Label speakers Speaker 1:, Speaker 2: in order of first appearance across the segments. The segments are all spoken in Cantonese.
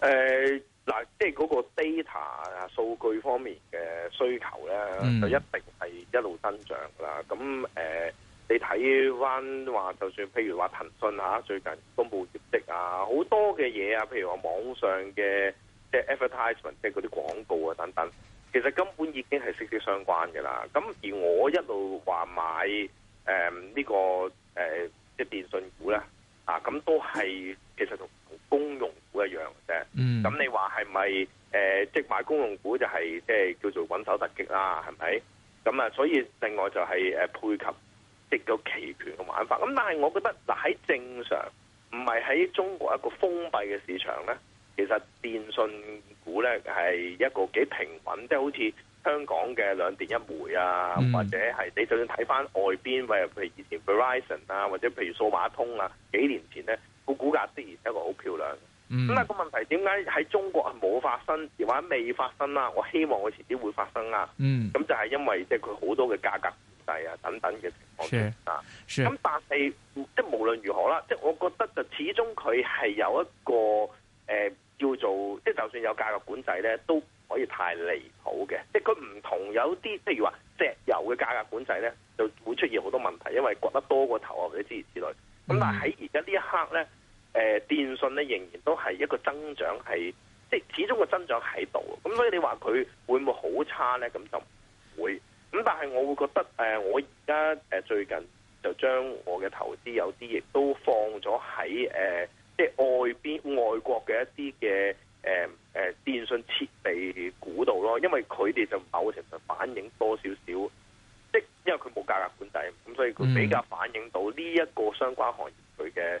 Speaker 1: 誒，嗱、呃，即係嗰個 data 啊，數據方面嘅需求咧，就一定係一路增長噶啦。咁誒、呃，你睇翻，話就算譬如話騰訊吓，最近公佈業績啊，好多嘅嘢，啊譬如話網上嘅即係、就是、advertisement，即係嗰啲廣告啊等等，其實根本已經係息息相關噶啦。咁而我一路話買誒呢、呃這個誒即係電信股咧。啊，咁都係其實同公用股一樣嘅啫。咁你話係咪誒，即買公用股就係、是、即係叫做穩守突擊啦？係咪？咁啊，所以另外就係誒配合即個期權嘅玩法。咁但係我覺得嗱，喺正常唔係喺中國一個封閉嘅市場咧，其實電信股咧係一個幾平穩，即係好似，香港嘅兩電一煤啊、嗯、啊，或者係你就算睇翻外邊，例如譬如以前 Verizon 啊，或者譬如數碼通啊，幾年前咧，個股價的而且確好漂亮的。咁、嗯、但係個問題點解喺中國係冇發生，或者未發生啦？我希望佢遲啲會發生啦。咁、嗯、就係因為即係佢好多嘅價
Speaker 2: 格管制啊等等嘅情況啊。咁但係即係無論如何啦，即係我
Speaker 1: 覺得就始終佢係有一個誒、呃、叫做即係就算有價格管制咧，都。可以太離譜嘅，即係佢唔同有啲，即係譬如話石油嘅價格管制咧，就會出現好多問題，因為割得多過頭啊，或者之類之類。
Speaker 2: 咁但係喺而
Speaker 1: 家呢一刻咧，誒、呃、電信咧仍然都係一個增長係，即係始終個增長喺度。咁所以你話佢會唔會好差咧？咁就唔會。咁但係我會覺得誒、呃，我而家誒最近就將我嘅投資有啲亦都放咗喺誒，即係外邊外國嘅一啲嘅。誒誒，電信設備估到咯，因為佢哋就某程度反映多少少，即因為佢冇價格管制，咁所以佢比較反映到呢一個相關行業佢嘅。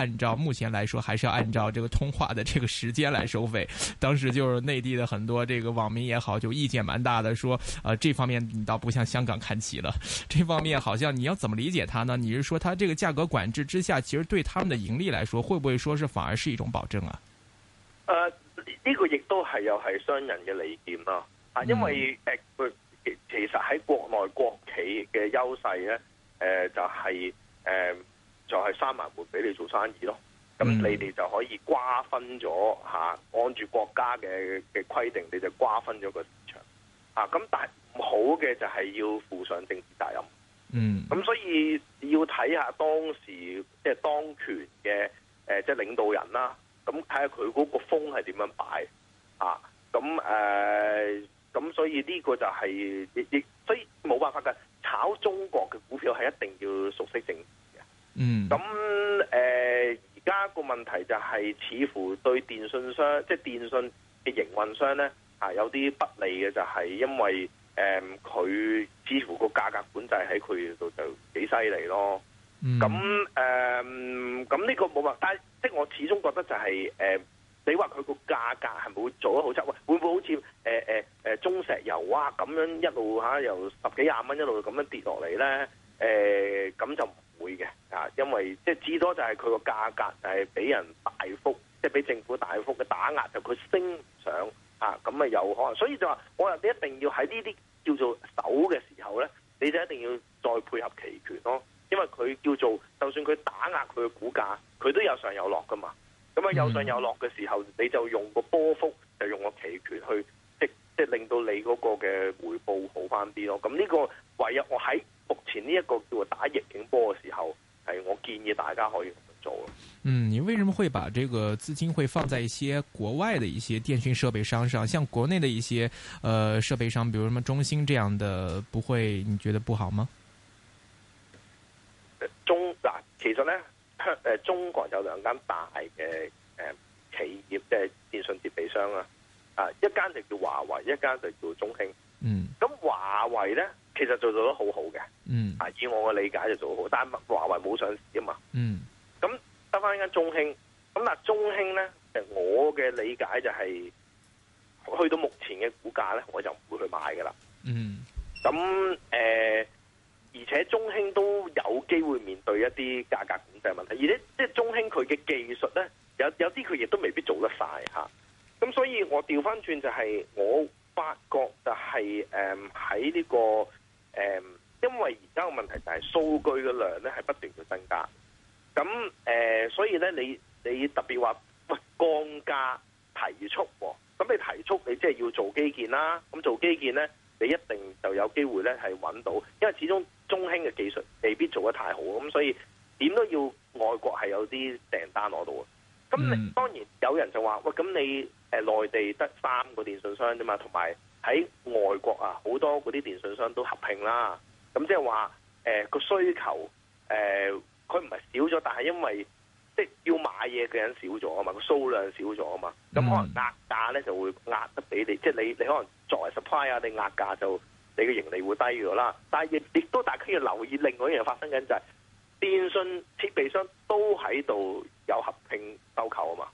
Speaker 3: 按照目前來說，還是要按照這個通話的這個時間來收費。當時就是內地的很多這個網民也好，就意見蠻大的說，說呃這方面你倒不向香港看齊了。這方面好像你要怎麼理解它呢？你是說它這個價格管制之下，其實對他們的盈利來說，會不會說是反而是一種保證啊？呃，
Speaker 1: 呢、這個亦都係又係商人嘅理念咯啊，啊，因為誒、嗯呃，其其實喺國內國企嘅優勢咧，誒、呃，就係、是、誒。呃就係三萬戶俾你做生意咯，
Speaker 2: 咁你哋
Speaker 1: 就可以瓜分咗嚇、啊，按住國家嘅嘅規定，你就瓜分咗個市場啊。咁唔好嘅就係要負上政治責任，嗯，咁所以要睇下當時即係、就是、當權嘅誒，即、呃、係、就是、領導人啦，咁睇下佢嗰個風係點樣擺啊。咁誒，咁、呃、所以呢個就係亦亦，所以冇辦法噶，炒中國嘅股票係一定要熟悉政。嗯，咁誒而家個問題就係，似乎對電信商，即係電信嘅營運商咧，嚇、啊、有啲不利嘅就係，因為誒佢、呃、似乎個價格管制喺佢度就幾犀利咯。咁誒咁呢個冇話，但係即係我始終覺得就係、是、誒、呃，你話佢個價格係咪會做得好差，會唔會好似誒誒誒中石油啊，咁樣一路嚇、啊、由十幾廿蚊一路咁樣跌落嚟咧？誒、呃、咁就。會嘅啊，因為即係至多就係佢個價格係俾人大幅，即係俾政府大幅嘅打壓，就佢升唔上啊，咁啊有可能，所以就話我說你一定要喺呢啲叫做手嘅時候咧，你就一定要再配合期權咯，因為佢叫做就算佢打壓佢嘅股價，佢都有上有落噶嘛，咁啊有上有落嘅時候，你就用個波幅就用個期權去即即係令到你嗰個嘅回報好翻啲咯，咁呢個唯有我喺。目前呢一個叫做打逆境波嘅時候，係我建議大家可以做咯。嗯，
Speaker 3: 你為什麼會把這個資金會放在一些國外的一些電訊設備商上？像國內的一些，呃，設備商，比如什麼中興這樣的，不會你覺得不好嗎？
Speaker 1: 呃、中嗱、呃、其實咧，誒、呃，中國有兩間大嘅誒、呃、企業嘅電信設備商啊，啊、呃，一間就叫華為，一間就叫中興。嗯，咁、啊、華為咧，其實做做得好好嘅。嗯，啊，以我嘅理解就做好，但華為冇上市啊嘛。嗯，咁得翻一間中興，咁嗱中興咧，誒，我嘅理解就係、是、去到目前嘅股價咧，我就唔會去買噶啦。嗯，咁誒、呃，而且中興都有機會面對一啲價格控制問題，而且即係中興佢嘅技術咧，有有啲佢亦都未必做得晒。吓。咁所以我調翻轉就係、是，我發覺就係誒喺呢個誒。嗯因為而家個問題就係數據嘅量咧係不斷嘅增加，咁誒、呃，所以咧你你特別話降價提速、哦，咁你提速你即係要做基建啦，咁做基建咧你一定就有機會咧係揾到，因為始終中興嘅技術未必做得太好，咁所以點都要外國係有啲訂單攞到
Speaker 2: 啊！咁、嗯、當
Speaker 1: 然有人就話喂，咁你誒內地得三個電信商啫嘛，同埋喺外國啊，好多嗰啲電信商都合併啦。咁即係話，誒個、呃、需求，誒佢唔係少咗，但係因為即係要買嘢嘅人少咗啊嘛，個數量少咗啊嘛，咁、嗯、可能壓價咧就會壓得俾你，即係你你可能作為 supply 啊，你壓價就你嘅盈利會低咗啦。但係亦都大家要留意另外一樣發生緊就係、是，電信設備商都喺度有合併收購啊嘛，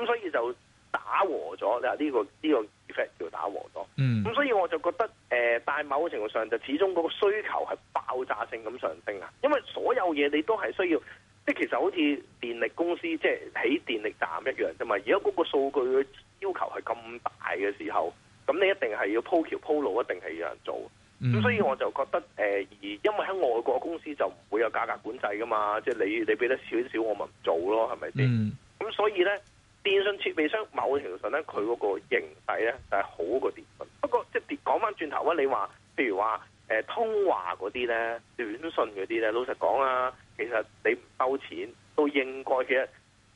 Speaker 1: 咁所以就。打和咗，嗱、這、呢個呢、這個 effect 叫打和咗。嗯，咁所以我就覺得，誒、呃，但某個程度上就始終嗰個需求係爆炸性咁上升啊。因為所有嘢你都係需要，即係其實好似電力公司即係喺電力站一樣啫嘛。而家嗰個數據要求係咁大嘅時候，咁你一定係要鋪橋鋪路，一定係有人做。咁、嗯、所以我就覺得，誒、呃，而因為喺外國公司就唔會有價格管制噶嘛，即係你你俾得少少，我咪唔做咯，係咪
Speaker 2: 先？
Speaker 1: 咁所以咧。電信設備商某程度上咧，佢嗰個形勢咧就係好過電信。不過即係轉講翻轉頭啊，你話譬如話誒通話嗰啲咧、短信嗰啲咧，老實講啊，其實你唔收錢都應該嘅，其實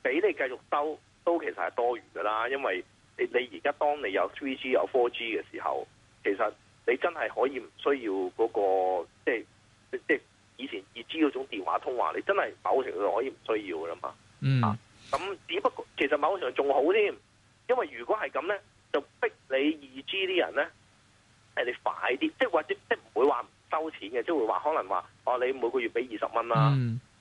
Speaker 1: 俾你繼續收都其實係多餘噶啦。因為你你而家當你有 three G 有 four G 嘅時候，其實你真係可以唔需要嗰、嗰個即係即係以前二 G 嗰種電話通話，你真係某程度上可以唔需要噶啦嘛。嗯。咁，只不過其實某程度仲好添，因為如果係咁呢，就逼你二 G 啲人呢，係你快啲，即係或者即係唔會話收錢嘅，即係會話可能話，哦，你每個月畀二十蚊啦，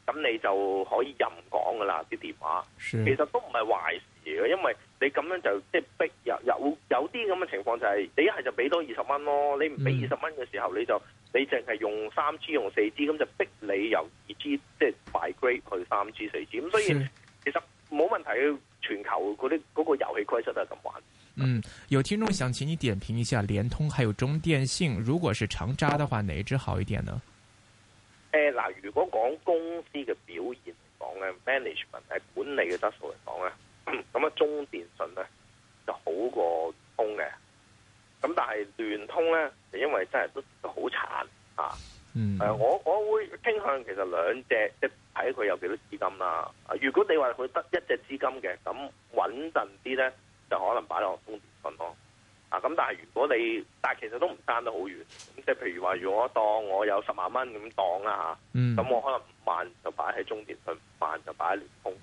Speaker 1: 咁、嗯、你就可以任講噶啦啲電話，是其實都唔係壞事嘅，因為你咁樣就即係逼有有啲咁嘅情況就係、是，你一係就俾多二十蚊咯，你唔畀二十蚊嘅時候，你就你淨係用三 G 用四 G，咁就逼你由二 G 即係 upgrade 去三 G 四 G，咁所以是其實。冇問題，全球嗰啲嗰個遊戲規則都係咁玩。嗯，
Speaker 3: 有聽眾想請你點評一下聯通，還有中電信，如果是長揸的話，哪一支好一點呢？
Speaker 1: 誒，嗱，如果講公司嘅表現嚟講咧，management 係管理嘅質素嚟講咧，咁啊中電信咧就好過通嘅。咁但係聯通咧，就因為真係都好慘啊！誒，我我會傾向其實兩隻，即係睇佢有幾多資金啦。啊，如果你話佢得一隻資金嘅，咁穩陣啲咧，就可能擺落中電信咯。啊，咁但係如果你，但係其實都唔爭得好遠。咁即係譬如話，如果當我有十萬蚊咁當啦嚇，咁我可能五萬就擺喺中
Speaker 2: 電信，五萬就擺喺
Speaker 3: 聯通咁樣。嗯，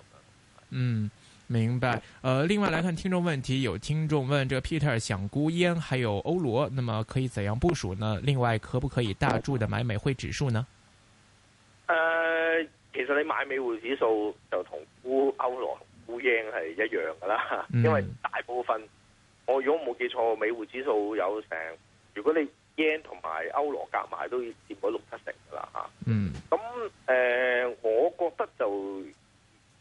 Speaker 3: 嗯。嗯。明白，呃，另外來看聽眾問題，有聽眾問：這個、Peter 想沽 yen 還有歐羅，那麼可以怎樣部署呢？另外，可不可以大注的買美匯指數呢？誒、
Speaker 1: 呃，其實你買美匯指數就同沽歐羅、沽 yen 係一樣噶啦，嗯、因為大部分我如果冇記錯，美匯指數有成，如果你 yen 同埋歐羅夾埋都要佔到六七成噶啦吓。啊、
Speaker 2: 嗯。咁誒、
Speaker 1: 呃，我覺得就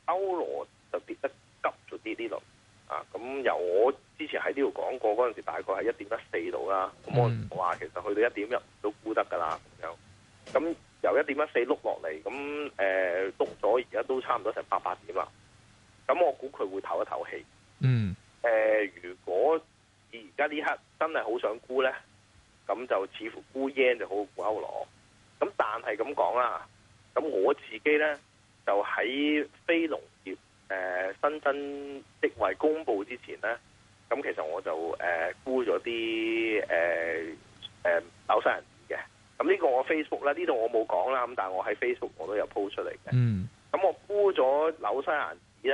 Speaker 1: 歐羅就跌得。急咗啲啲落，啊！咁、嗯、由我之前喺呢度講過嗰陣時，大概係一點一四度啦。咁我話、嗯、其實去到一點一都估得噶啦，咁樣。咁由一點一四碌落嚟，咁誒，凍咗而家都差唔多成八八點啦。咁我估佢會唞一唞氣。嗯。誒，現在一嗯呃、如果而家呢刻真係好想估咧，咁就似乎沽日圓就好過沽歐羅。咁但係咁講啊，咁我自己咧就喺非農業。誒新增職位公布之前咧，咁其實我就誒、呃、沽咗啲誒誒紐西蘭嘅，咁、這、呢個我 Facebook 咧，呢度我冇講啦，咁但我喺 Facebook 我都有 po 出嚟
Speaker 2: 嘅。嗯，
Speaker 1: 咁我沽咗紐西蘭紙咧，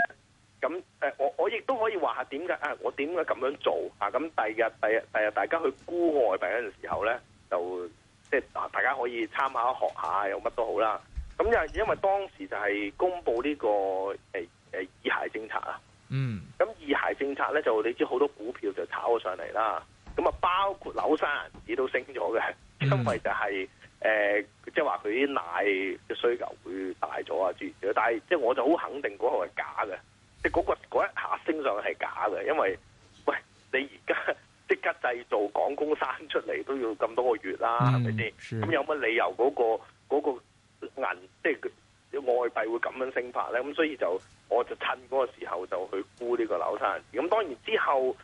Speaker 1: 咁誒我我亦都可以話下點解啊？我點解咁樣做啊？咁第日第日第日大家去沽外幣嗰陣時候咧，就即係大家可以參考學下，有乜都好啦。咁又因為當時就係公布呢、這個誒。哎誒，二孩政策啊，
Speaker 2: 嗯，
Speaker 1: 咁二孩政策咧就，你知好多股票就炒咗上嚟啦，咁啊包括紐山銀紙都升咗嘅，嗯、因為就係、是、誒，即係話佢啲奶嘅需求會大咗啊之類，但係即係我就好肯定嗰個係假嘅，即、就、係、是嗰個嗰一下升上去係假嘅，因為喂，你而家即刻製造港工生出嚟都要咁多個月啦，
Speaker 2: 係咪先？咁是有
Speaker 1: 乜理由嗰、嗰個嗰、嗰個銀即係佢，就是、外幣會咁樣升法咧？咁所以就。我就趁嗰個時候就去沽呢個樓山，咁當然之後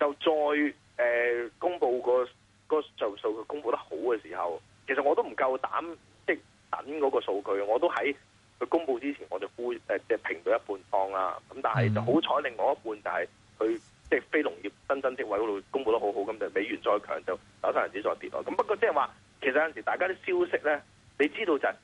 Speaker 1: 就再誒、呃、公布、嗰個、嗰個就數據，佢公布得好嘅時候，其實我都唔夠膽即係等嗰個數據，我都喺佢公布之前我就沽誒即係平咗一半倉啦。咁但係就好彩，另外一半就係佢、就是、即係非農業新增職位嗰度公布得好好，咁就美元再強就樓人指再跌落。咁不過即係話，其實有陣時大家啲消息咧，你知道就係。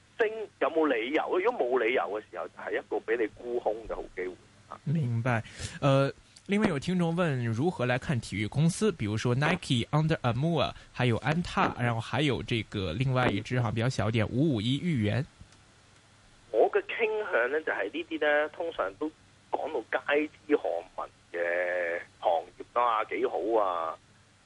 Speaker 1: 有冇理由？如果冇理由嘅時候，就係、是、一個俾你沽空嘅好
Speaker 3: 機會啊！明白。誒、呃，另外有聽眾問如何來看體育公司，比如說 Nike、嗯、Under Armour，還有安踏，然後還有這個另外一支比較小點五五一裕元。
Speaker 1: 我嘅傾向呢，就係呢啲呢，通常都講到街知巷聞嘅行業啊，幾好啊，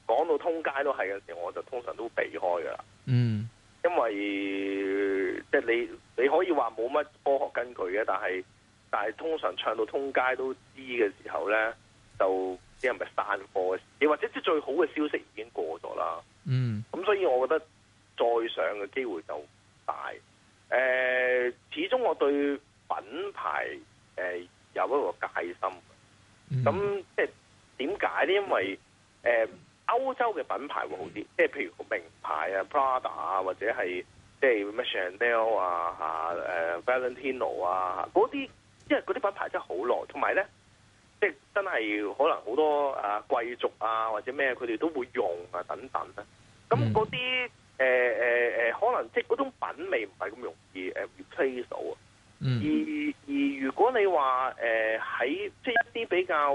Speaker 1: 講到通街都係嘅時候，我就通常都避開噶啦。嗯。因為即係、就是、你你可以話冇乜科學根據嘅，但係但係通常唱到通街都知嘅時候咧，就知係咪散貨？你是是播或者即係最好嘅消息已經過咗啦。嗯，咁所以我覺得再上嘅機會就大。誒、呃，始終我對品牌誒、呃、有一個戒心。咁即係點解咧？因為誒。呃歐洲嘅品牌會好啲，啊啊，即係譬如個名牌啊，Prada 啊，或者係即係咩 Chanel 啊、嚇誒 Valentino 啊嗰啲，因為嗰啲品牌真係好耐，同埋咧，即係真係可能好多誒貴族啊或者咩，佢哋都會用啊等等啦。咁嗰啲誒誒誒，可能即係嗰種品味唔係咁容易誒 replay 到啊。呃嗯、而而如果你話誒喺即係一啲比較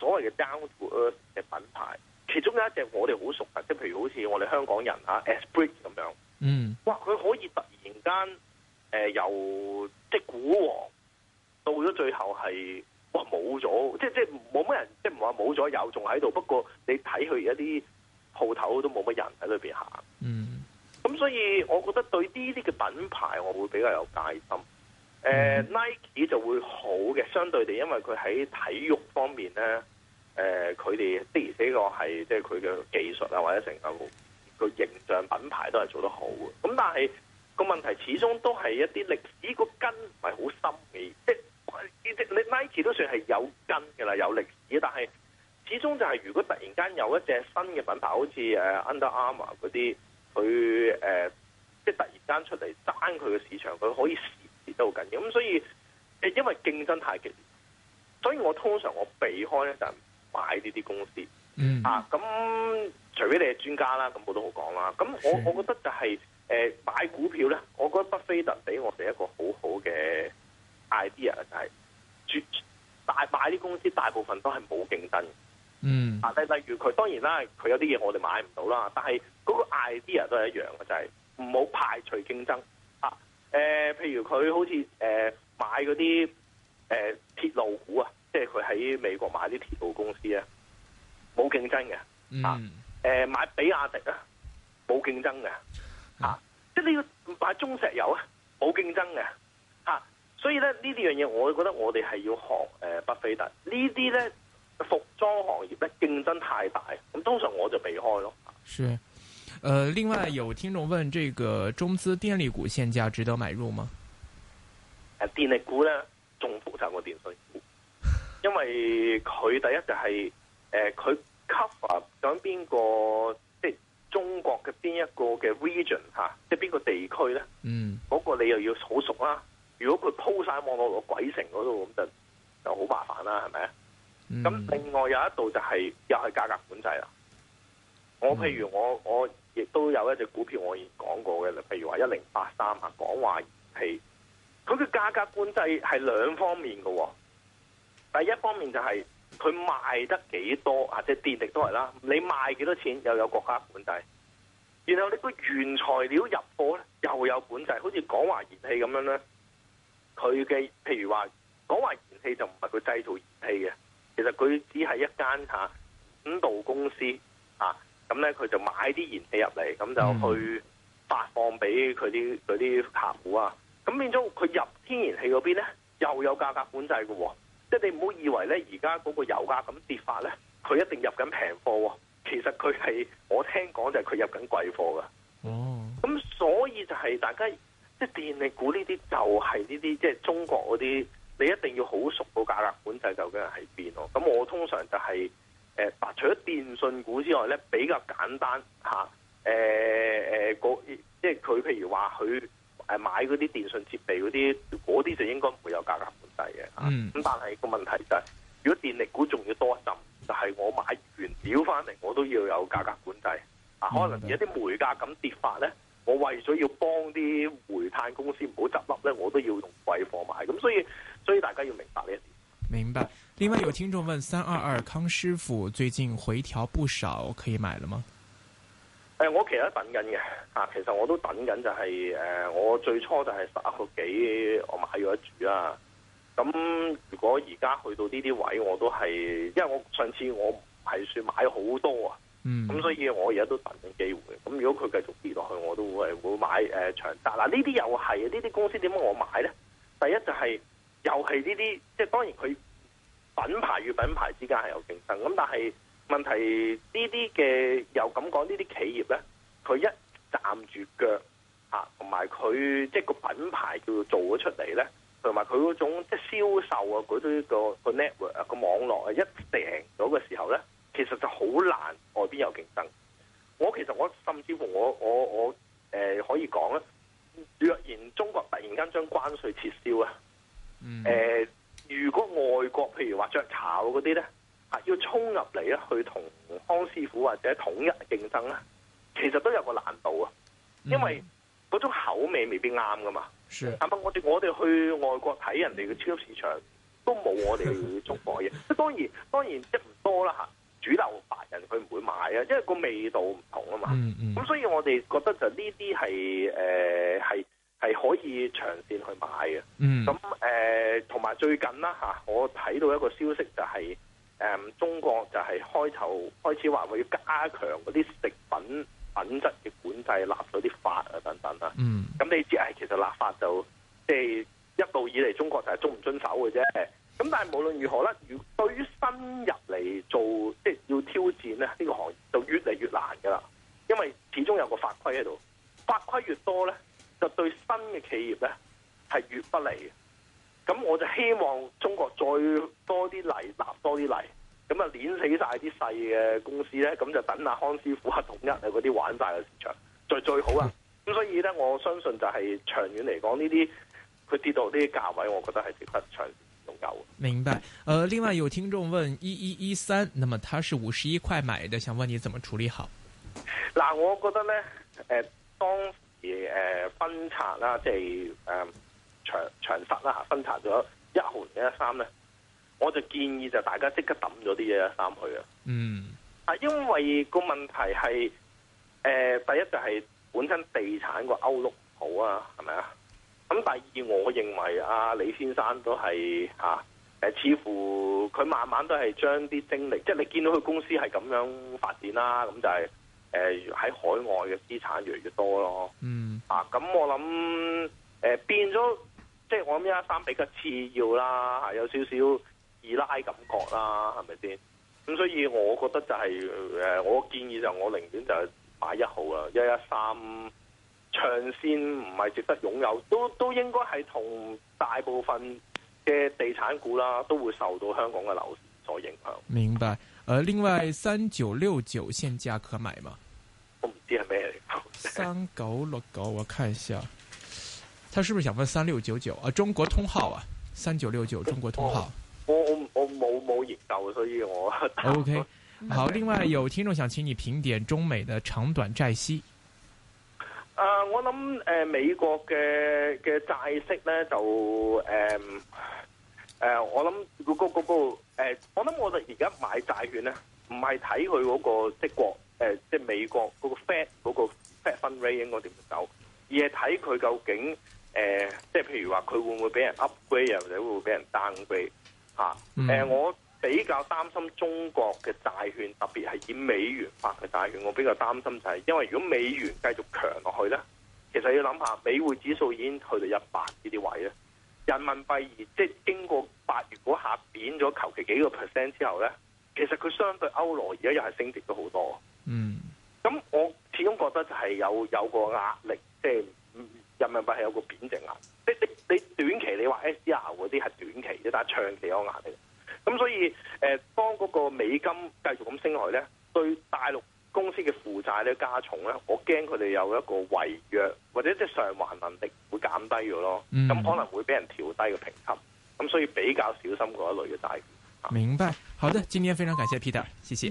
Speaker 1: 所謂嘅 down to earth 嘅品牌，其中有一隻我哋好熟悉，即係譬如好似我哋香港人、mm. 啊 Esprit 咁樣，嗯，哇，佢可以突然間，誒、呃，由即係股王到咗最後係，哇，冇咗，即係即係冇乜人，即係唔話冇咗，有仲喺度，不過你睇佢而家啲鋪頭都冇乜人喺裏邊行，嗯、mm. 啊，咁所以我覺得對呢啲嘅品牌，我會比較有戒心。誒、呃、Nike 就會好嘅，相對地，因為佢喺體育方面咧，誒佢哋的而且確係即係佢嘅技術啊，或者成個形象品牌都係做得好嘅。咁但係個問題始終都係一啲歷史個根唔係好深嘅，即係你 Nike 都算係有根嘅啦，有歷史。但係始終就係如果突然間有一隻新嘅品牌，好似誒 Under Armour 嗰啲，佢誒、呃、即係突然間出嚟爭佢嘅市場，佢可以。緊咁，所以誒，因為競爭太激烈，所以我通常我避開咧就係買呢啲公司。嗯啊，咁除非你係專家啦，咁我都好講啦。咁我是我覺得就係、是、誒、呃，買股票咧，我覺得巴菲特俾我哋一個很好好嘅 idea 就係，大買啲公司大部分都係冇競爭。嗯啊，例例如佢，當然啦，佢有啲嘢我哋買唔到啦，但係嗰個 idea 都係一樣嘅，就係唔好排除競爭啊。誒、呃，譬如佢好似誒、呃、買嗰啲誒鐵路股啊，即係佢喺美國買啲鐵路公司啊，冇競爭嘅，啊，誒、嗯呃、買比亞迪啊，冇競爭嘅，啊，即係你要買中石油沒競啊，冇競爭嘅，吓，所以咧呢啲樣嘢，東西我覺得我哋係要學誒巴菲特呢啲咧，服裝行業咧競爭太大，咁通常我就避開咯。
Speaker 3: 是。誒、呃，另外有聽眾問：這個中資電力股現價值得買入嗎？
Speaker 1: 誒，電力股咧，仲複雜過電訊股， 因為佢第一就係、是、誒，佢、呃、cover 邊個即係中國嘅邊一個嘅 region 吓、啊，即係邊個地區咧？嗯，嗰個你又要好熟啦、啊。如果佢鋪晒網絡個鬼城嗰度，咁就就好麻煩啦、啊，係咪？咁、嗯、另外有一度就係、是、又係價格管制啦。我譬如我、嗯、我。亦都有一隻股票，我已講過嘅，譬如話一零八三啊，港華燃氣，佢嘅價格管制係兩方面嘅喎。第一方面就係佢賣得幾多，或者電力都係啦。你賣幾多錢又有國家管制，然後你個原材料入貨咧又有管制，好似港華燃氣咁樣咧。佢嘅譬如話港華燃氣就唔係佢製造燃氣嘅，其實佢只係一間吓管道公司啊。咁咧，佢就買啲燃氣入嚟，咁就去發放俾佢啲佢啲客戶啊。咁變咗佢入天然氣嗰邊咧，又有價格管制嘅喎、啊。即係你唔好以為咧，而家嗰個油價咁跌法咧，佢一定入緊平貨喎、啊。其實佢係我聽講就係佢入緊貴貨㗎。哦，咁所以就係大家即係電力股呢啲，就係呢啲即係中國嗰啲，你一定要好熟個價格管制究竟喺邊咯。咁我通常就係、是。誒，除咗電信股之外咧，比較簡單嚇，誒、啊、誒、呃、即係佢譬如話佢誒買嗰啲電信設備嗰啲，嗰啲就應該沒有價格管制嘅嚇。咁、嗯、但係個問題就係、是，如果電力股仲要多一陣，就係我買原料翻嚟，我都要有價格管制。啊，可能而家啲煤價咁跌法咧，我為咗要幫啲。
Speaker 3: 另外有聽眾問三二二康師傅最近回調不少，可以買了嗎？
Speaker 1: 誒、呃，我其實等緊嘅，啊，其實我都等緊就係、是、誒、呃，我最初就係十個幾我買咗一注啊。咁如果而家去到呢啲位，我都係，因為我上次我係算買好多啊，
Speaker 2: 咁、嗯、所
Speaker 1: 以我而家都等緊機會。咁如果佢繼續跌落去，我都會會買誒、呃，長澤嗱呢啲又係呢啲公司點解我買咧？第一就係、是、又係呢啲，即係當然佢。品牌與品牌之間係有競爭，咁但係問題，呢啲嘅又咁講，呢啲企業咧，佢一站住腳啊，同埋佢即係個品牌叫做做咗出嚟咧，同埋佢嗰種即係銷售啊嗰啲，那個個 network 個，啊、網絡啊一定咗嘅時候咧，其實就好難外邊有競爭。我其實我甚至乎我我我誒、呃、可以講咧，若然中國突然間將關稅撤銷啊，誒、嗯。呃如果外國譬如話雀炒嗰啲咧，嚇要衝入嚟咧去同康師傅或者統一競爭咧，其實都有個難度啊，因為嗰種口味未必啱㗎嘛。係咪是我哋我哋去外國睇人哋嘅超級市場都冇我哋中國嘢？即係 當然當然即唔多啦嚇。主流白人佢唔會買啊，因為個味道唔同啊嘛。咁 所以我哋覺得就呢啲係誒係。呃係可以長線去買嘅，咁誒同埋最近啦嚇、啊，我睇到一個消息就係、是、誒、嗯、中國就係開頭開始話會加強嗰啲食品品質嘅管制，立咗啲法啊等等啦。咁、嗯、你知誒，其實立法就即係一路以嚟中國就係遵唔遵守嘅啫。咁但係無論如何咧，如果對於新入嚟做即係、就是、要挑戰咧呢個行業就越嚟越難噶啦，因為始終有個法規喺度，法規越多咧。就對新嘅企業咧係越不利嘅，咁我就希望中國再多啲例，立多啲例，咁啊碾死晒啲細嘅公司咧，咁就等阿康師傅啊統一啊嗰啲玩晒嘅市場就最，最好啊！咁所以咧，我相信就係長遠嚟講呢啲佢跌到呢啲價位，我覺得係值得長期擁有。
Speaker 3: 明白。誒、呃，另外有聽眾問：一一一三，那麼他是五十一塊買的，想問你怎麼處理好？
Speaker 1: 嗱，我覺得咧，誒、呃，當而、呃、分拆啦，即係誒、呃、長長實啦分拆咗一號一三咧，我就建議就大家即刻抌咗啲嘢一三去啊。嗯，啊，因為個問題係誒、呃、第一就係本身地產個歐陸唔好啊，係咪啊？咁第二，我認為阿、啊、李先生都係嚇、啊、似乎佢慢慢都係將啲精力，即、就、係、是、你見到佢公司係咁樣發展啦，咁就係、是。.誒，喺、呃、海外嘅資產越嚟越多咯。嗯，啊，咁我諗，誒、呃，變咗，即係我諗一一三比較次要啦，係有少少二奶感覺啦，係咪先？咁所以，我覺得就係、是，誒、呃，我建議就是、我寧願就買一號啦，一一三長線唔係值得擁有，都都應該係同大部分嘅地產股啦，都會受到香港嘅樓市。
Speaker 3: 我明白。呃，另外三九六九現價可買嗎？我
Speaker 1: 唔知係咩嚟。
Speaker 3: 三九六九，我看一下，他是不是想問三六九九？啊，中國通號啊，三九六九，中國通號。哦、
Speaker 1: 我我我冇冇研究，所以我。
Speaker 3: O、okay、K，okay. 好。另外有聽眾想請你評點中美的長短債息。
Speaker 1: 誒、呃，我諗誒、呃、美國嘅嘅債息咧就誒誒、呃呃，我諗嗰嗰嗰。Go, Go, Go, 誒，我諗我哋而家買債券咧，唔係睇佢嗰個即係國，呃、即係美國嗰個 Fed 嗰個 Fed fund rate 應該點樣走，而係睇佢究竟誒、呃，即係譬如話佢會唔會俾人 upgrade，或者會唔會俾人 downgrade 嚇、啊？誒、嗯呃，我比較擔心中國嘅債券，特別係以美元發嘅債券，我比較擔心就係、是，因為如果美元繼續強落去咧，其實要諗下，美匯指數已經去到一百呢啲位咧。人民幣而即係經過八月嗰下貶咗求其幾個 percent 之後咧，其實佢相對歐羅而家又係升值咗好多。嗯，咁我始終覺得就係有有個壓力，即係人民幣係有個貶值壓力。你你你短期你話 SDR 嗰啲係短期啫，但係長期有壓力。咁所以誒、呃，當嗰個美金繼續咁升落咧，對大陸公司嘅負債咧，加重咧，我驚佢哋有一個違約或者即係償還能力會減低咗咯，咁、嗯、可能會俾人調
Speaker 2: 低個評級，咁所以比較小心嗰一類嘅債。啊、
Speaker 3: 明白，好的，今天非常
Speaker 2: 感謝 Peter，謝謝。